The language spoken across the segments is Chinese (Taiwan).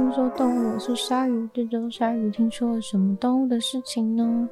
聽說動物，是鯊魚，這週鯊魚聽說了什麼動物的事情呢？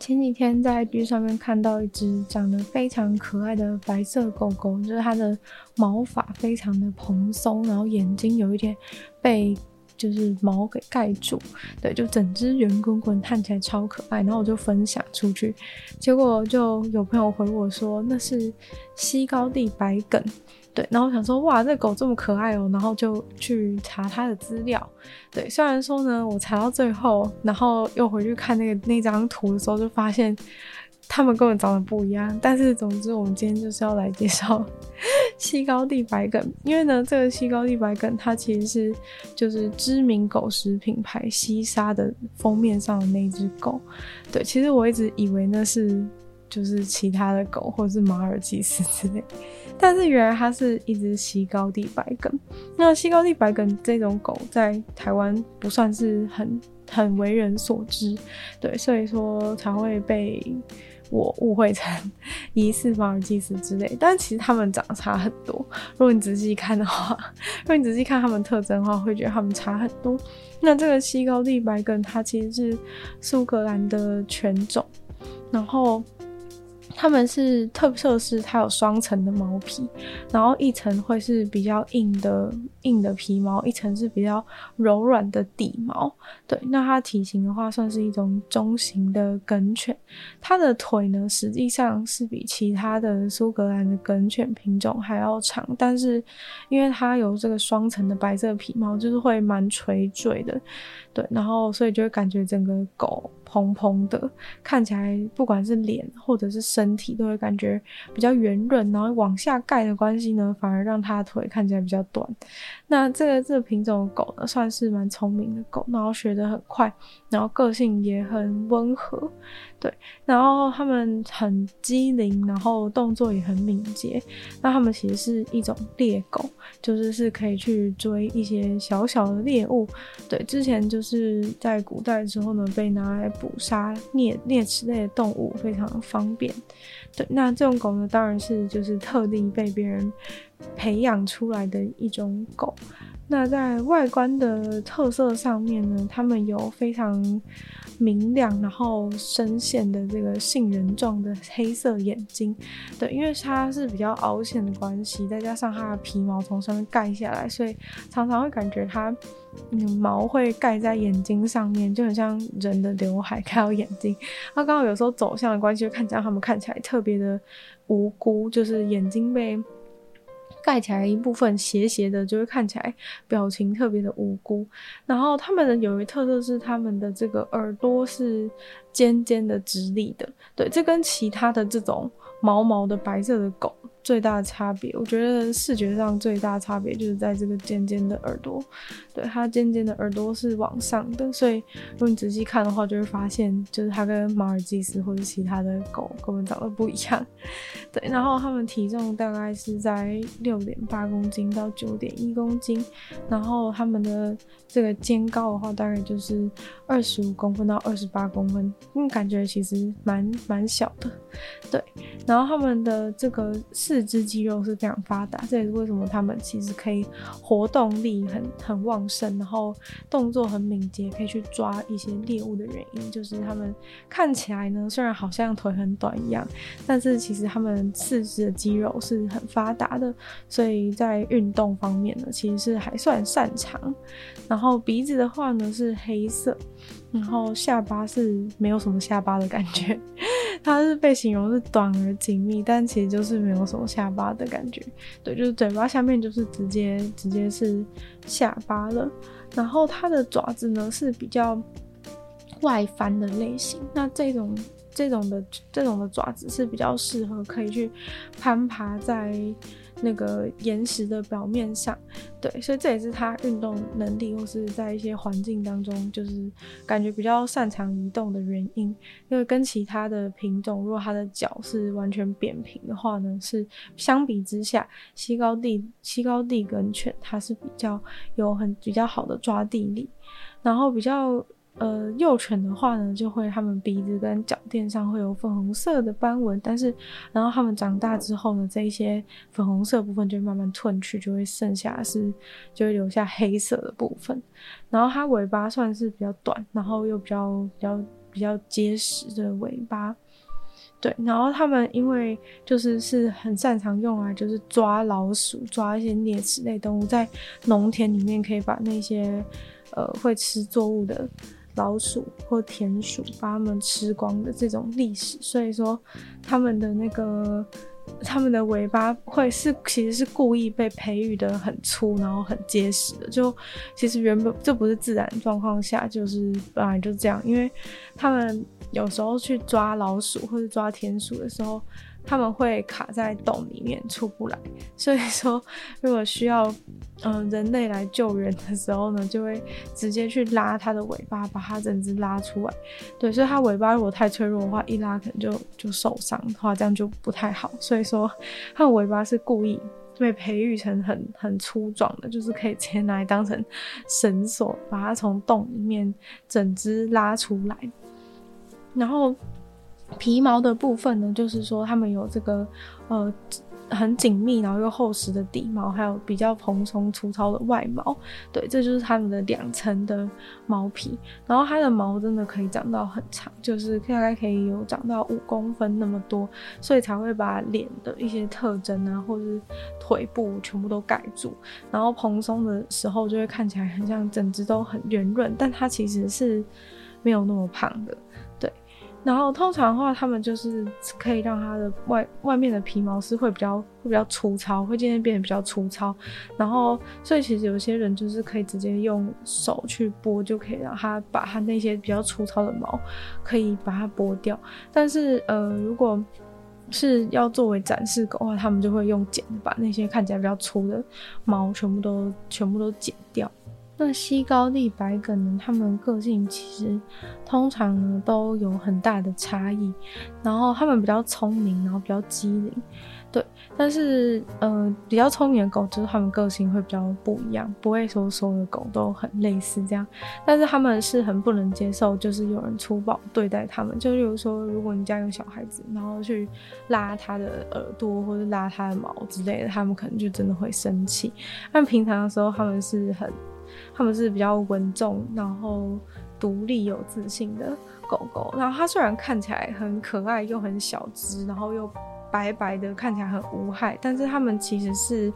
前幾天在 B 上面看到一隻長得非常可愛的白色狗狗，就是它的毛髮非常的蓬鬆，然後眼睛有一點被。就是毛給蓋住，對，就整隻圓滾滾，看起來超可愛。然後我就分享出去，結果就有朋友回我說，那是西高地白梗，對。然後我想說哇，這個、狗這麼可愛哦、喔，然後就去查它的資料，對。雖然說呢，我查到最後，然後又回去看那個那張圖的時候，就發現。他們根本長得不一樣，但是總之，我們今天就是要來介紹西高地白梗。因為呢，這個西高地白梗它其實是就是知名狗食品牌西莎的封面上的那隻狗。對，其實我一直以為那是就是其他的狗，或者是馬爾濟斯之類，但是原來它是一隻西高地白梗。那西高地白梗這種狗在台灣不算是很很為人所知，對，所以說才會被。我誤會成疑似馬爾濟斯之類，但其實它們長得差很多。如果你仔細看的話，如果你仔細看它們特徵的話，會覺得它們差很多。那這個西高地白梗它其實是蘇格蘭的犬種，然後。他們是特色是它有雙層的毛皮，然後一層會是比較硬的硬的皮毛，一層是比較柔軟的底毛。對，那它體型的話算是一種中型的梗犬，它的腿呢實際上是比其他的蘇格蘭的梗犬品種還要長，但是因為它有這個雙層的白色皮毛，就是會蠻垂墜的，對，然後所以就會感覺整個狗。蓬蓬的，看起來不管是臉或者是身體，都會感覺比較圓潤。然後往下蓋的關係呢，反而讓它腿看起來比較短。那這個這個品種的狗呢，算是蠻聰明的狗，然後學得很快，然後個性也很溫和。對，然後他們很機靈，然後動作也很敏捷。那他們其實是一種獵狗，就是是可以去追一些小小的獵物。對，之前就是在古代的時候呢，被拿來捕殺齧齧齒類的動物，非常方便。對，那這種狗呢，當然是就是特地被別人。培養出來的一種狗，那在外觀的特色上面呢，它們有非常明亮然後深陷的這個杏仁狀的黑色眼睛，對，因為它是比較凹陷的關係，再加上它的皮毛從上面蓋下來，所以常常會感覺它毛會蓋在眼睛上面，就很像人的劉海蓋到眼睛。那剛好有時候走向的關係，就看起來它們看起來特別的無辜，就是眼睛被。蓋起來一部分斜斜的，就會看起來表情特別的無辜。然後它們的有一個特色是，它們的這個耳朵是尖尖的、直立的。對，這跟其他的這種毛毛的白色的狗。最大差別，我覺得視覺上最大的差別就是在這個尖尖的耳朵，對，它尖尖的耳朵是往上的，所以如果你仔細看的話，就會發現就是它跟馬爾濟斯或者其他的狗根本長得不一樣，對，然後它們體重大概是在六點八公斤到九點一公斤，然後它們的這個肩高的話，大概就是二十五公分到二十八公分，因為感覺其實蠻蠻小的，對，然後他們的這個視。四肢肌肉是非常發達，這也是為什麼他們其實可以活動力很很旺盛，然後動作很敏捷，可以去抓一些獵物的原因。就是他們看起來呢，雖然好像腿很短一樣，但是其實他們四肢的肌肉是很發達的，所以在運動方面呢，其實是還算擅長。然後鼻子的話呢，是黑色，然後下巴是沒有什麼下巴的感覺。它是被形容是短而緊密，但其實就是沒有什麼下巴的感覺，對，就是嘴巴下面就是直接直接是下巴了。然後它的爪子呢，是比較外翻的類型，那這種。這種的這種的爪子是比較適合可以去攀爬在那個岩石的表面上，對，所以這也是它運動能力或是在一些環境當中就是感覺比較擅長移動的原因。因為跟其他的品種，如果它的腳是完全扁平的話呢，是相比之下，西高地西高地梗犬它是比較有很比較好的抓地力，然後比較。呃，幼犬的話呢，就會它們鼻子跟腳墊上會有粉紅色的斑紋，但是，然後它們長大之後呢，這一些粉紅色部分就會慢慢褪去，就會剩下是，就會留下黑色的部分。然後它尾巴算是比較短，然後又比較比較比較結實的尾巴。對，然後它們因為就是是很擅長用啊，就是抓老鼠、抓一些齧齒類動物，在農田裡面可以把那些呃會吃作物的，老鼠或田鼠把它們吃光的這種歷史，所以說他們的那個，他們的尾巴會是其實是故意被培育得很粗，然後很結實的。就其實原本這不是自然狀況下，就是本來就這樣，因為他們有時候去抓老鼠或者抓田鼠的時候，他們會卡在洞裡面出不來，所以說如果需要，嗯、呃，人類來救援的時候呢，就會直接去拉它的尾巴，把它整隻拉出來。對，所以它尾巴如果太脆弱的話，一拉可能就就受傷的話，這樣就不太好。所以說，它的尾巴是故意被培育成很很粗壯的，就是可以直接拿來當成繩索，把它從洞裡面整隻拉出來，然後。皮毛的部分呢，就是說它們有這個，呃，很緊密然後又厚實的底毛，還有比較蓬鬆粗糙的外毛。對，這就是它們的兩層的毛皮。然後它的毛真的可以長到很長，就是大概可以有長到五公分那麼多，所以才會把臉的一些特徵啊，或者是腿部全部都蓋住。然後蓬鬆的時候就會看起來很像整隻都很圓潤，但它其實是沒有那麼胖的。然後通常的話，他們就是可以讓他的外外面的皮毛是會比較會比較粗糙，會漸漸變得比較粗糙。然後，所以其實有些人就是可以直接用手去剝，就可以讓它把它那些比較粗糙的毛可以把它剝掉。但是，呃，如果是要作為展示狗的話，他們就會用剪的把那些看起來比較粗的毛全部都全部都剪掉。那西高地白梗呢？它們個性其實通常呢都有很大的差異，然後它們比較聰明，然後比較機靈，對。但是呃，比較聰明的狗就是它們個性會比較不一樣，不會說所有的狗都很類似這樣。但是他們是很不能接受，就是有人粗暴對待它們。就比如說，如果你家有小孩子，然後去拉他的耳朵或者拉他的毛之類的，他們可能就真的會生氣。但平常的時候，他們是很。他們是比較穩重，然後獨立有自信的狗狗，然後它雖然看起來很可愛又很小隻，然後又白白的，看起來很無害，但是他們其實是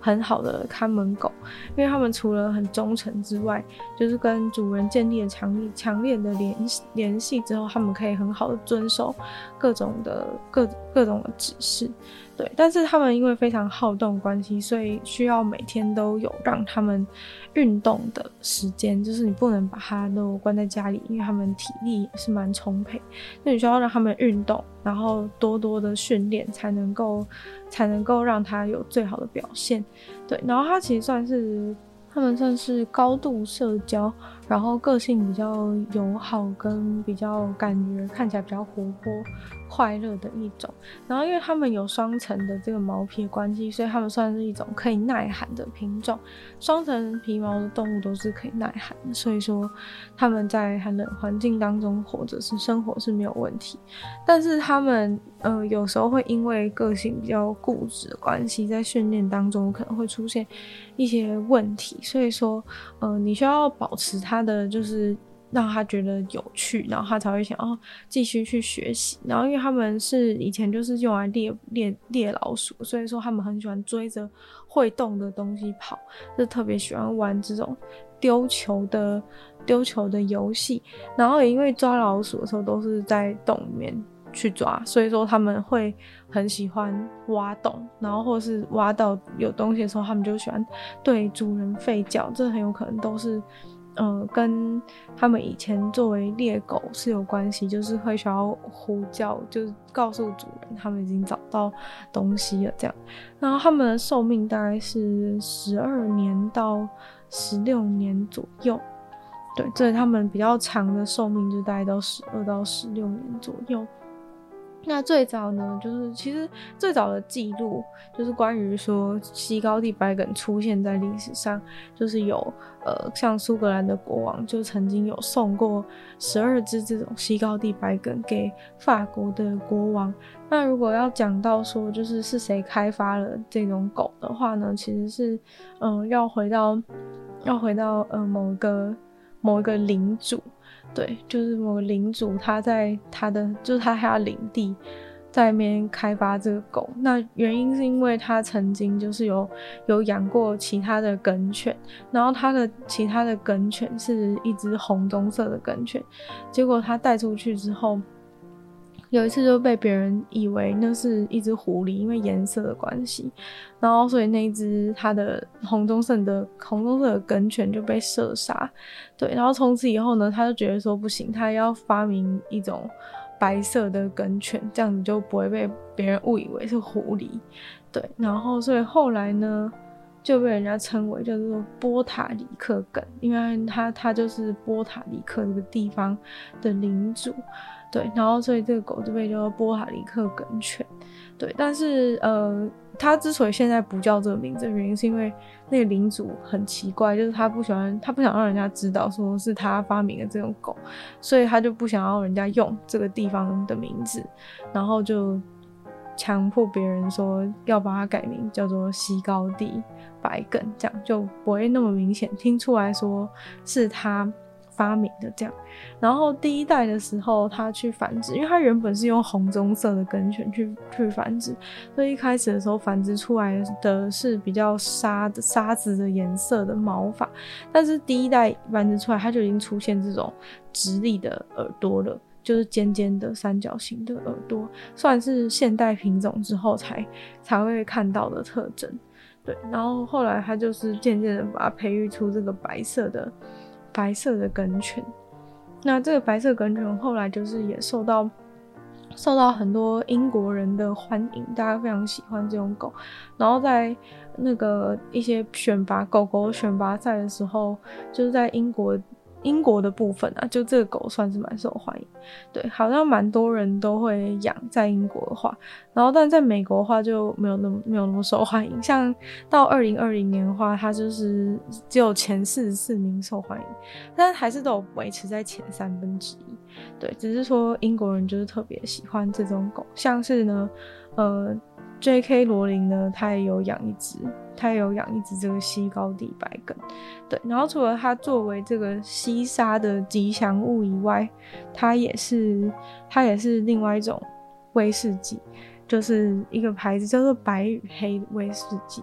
很好的看門狗，因為他們除了很忠誠之外，就是跟主人建立了強強烈的聯繫聯繫之後，他們可以很好的遵守各種的各各種的指示。對，但是他們因為非常好動關係，所以需要每天都有讓他們運動的時間，就是你不能把他都關在家裡，因為他們體力也是蠻充沛，那你需要讓他們運動，然後多多的訓練，才能夠才能夠讓他有最好的表現。對，然後他其實算是，他們算是高度社交，然後個性比較友好，跟比較感覺看起來比較活潑、快樂的一種，然後因為它們有雙層的這個毛皮的關係，所以它們算是一種可以耐寒的品種。雙層皮毛的動物都是可以耐寒的，所以說它們在寒冷環境當中或者是生活是沒有問題。但是它們呃有時候會因為個性比較固執的關係，在訓練當中可能會出現一些問題，所以說呃你需要保持它的就是。讓他覺得有趣，然後他才會想哦，繼續去學習。然後因為他們是以前就是用來獵獵獵老鼠，所以說他們很喜歡追着會動的東西跑，就特別喜歡玩這種丟球的丟球的遊戲。然後也因為抓老鼠的時候都是在洞裡面去抓，所以說他們會很喜歡挖洞，然後或是挖到有東西的時候，他們就喜歡對主人吠叫。這很有可能都是。嗯、呃，跟他們以前作為獵狗是有關係，就是會想要呼叫，就是告訴主人他們已經找到東西了這樣。然後他們的壽命大概是十二年到十六年左右，對，所以他們比較長的壽命就大概到十二到十六年左右。那最早呢，就是其實最早的記錄就是關於說西高地白梗出現在歷史上，就是有呃、像蘇格蘭的國王就曾經有送過十二隻這種西高地白梗給法國的國王。那如果要講到說就是是誰開發了這種狗的話呢，其實是嗯、呃，要回到要回到呃某一個某一個領主。對，就是某個領主，他在他的就是他家領地，在那邊開發這個狗。那原因是因為他曾經就是有有養過其他的梗犬，然後他的其他的梗犬是一只紅棕色的梗犬，結果他帶出去之後。有一次就被別人以為那是一隻狐狸，因為顏色的關係，然後所以那隻它的紅棕色的紅棕色的梗犬就被射殺，對，然後從此以後呢，他就覺得說不行，他要發明一種白色的梗犬，這樣子就不會被別人誤以為是狐狸，對，然後所以後來呢就被人家稱為叫做波塔里克梗，因為他他就是波塔里克這個地方的領主。對，然後所以這個狗這邊就叫波哈里克梗犬，對，但是呃，它之所以現在不叫這個名字，原因是因為那個領主很奇怪，就是他不喜歡，他不想讓人家知道說是他發明的這種狗，所以他就不想要人家用這個地方的名字，然後就強迫別人說要把它改名叫做西高地白梗，這樣就不會那麼明顯聽出來說是他。發明的這樣，然後第一代的時候，它去繁殖，因為它原本是用紅棕色的梗犬去去繁殖，所以一開始的時候繁殖出來的是比較沙，沙的沙子的顏色的毛髮，但是第一代繁殖出來，它就已經出現這種直立的耳朵了，就是尖尖的三角形的耳朵，算是現代品種之後才才會看到的特徵，對，然後後來它就是漸漸的把它培育出這個白色的。白色的梗犬，那這個白色梗犬後來就是也受到受到很多英國人的歡迎，大家非常喜歡這種狗。然後在那個一些選拔狗狗選拔賽的時候，就是在英國。英國的部分啊，就這個狗算是蠻受歡迎，對，好像蠻多人都會養，在英國的話，然後但在美國的話就沒有那麼、沒有那麼受歡迎。像到二零二零年的話，它就是只有前四十四名受歡迎，但還是都有維持在前三分之一。對，只是說英國人就是特別喜歡這種狗，像是呢。呃，J.K. 羅琳呢，他也有養一隻，他也有養一隻這個西高地白梗。對，然後除了它作為這個西沙的吉祥物以外，它也是，它也是另外一種威士忌，就是一個牌子叫做白與黑威士忌。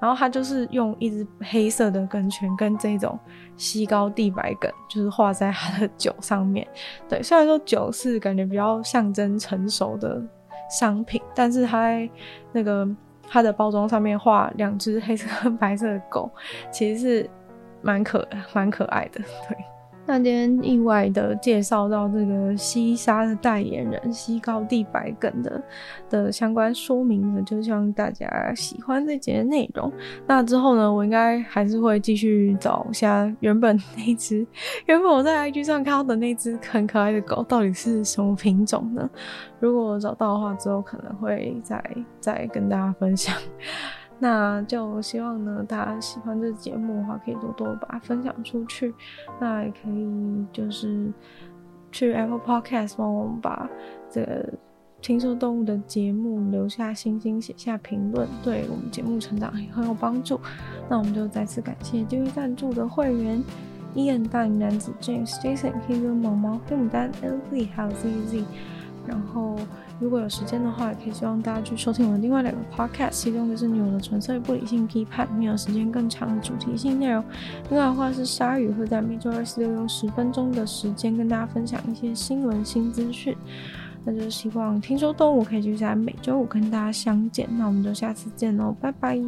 然後它就是用一隻黑色的梗犬跟這種西高地白梗，就是畫在他的酒上面。對，雖然說酒是感覺比較象徵成熟的。商品，但是他在那個他的包裝上面畫兩隻黑色和白色的狗，其實是蠻可，蠻可愛的，對。那天意外的介紹到這個西莎的代言人西高地白梗的的相關說明呢，就希望大家喜歡這節內容。那之後呢，我應該還是會繼續找下原本那只，原本我在 IG 上看到的那只很可愛的狗到底是什麼品種呢？如果找到的話之後，可能會再再跟大家分享。那就希望呢，大家喜歡這個節目的話，可以多多把它分享出去。那也可以就是去 Apple Podcast 幫我們把這個《聽說動物》的節目留下星星，寫下評論，對我們節目成長也很有幫助。那我們就再次感謝今日贊助的會員 Ian 大齡男子 James Jason Kitty 毛毛貓貓黑牡丹 LZ 還有 Z Z。然後，如果有時間的話，也可以希望大家去收聽我的另外兩個 podcast，其中一個是《女友的純粹不理性批判》，沒有時間更長的主題性內容；另外的話是鯊魚會在每周二、四、六用十分鐘的時間跟大家分享一些新聞新資訊。那就是希望聽說動物可以就在每周五跟大家相見，那我們就下次見嘍，拜拜。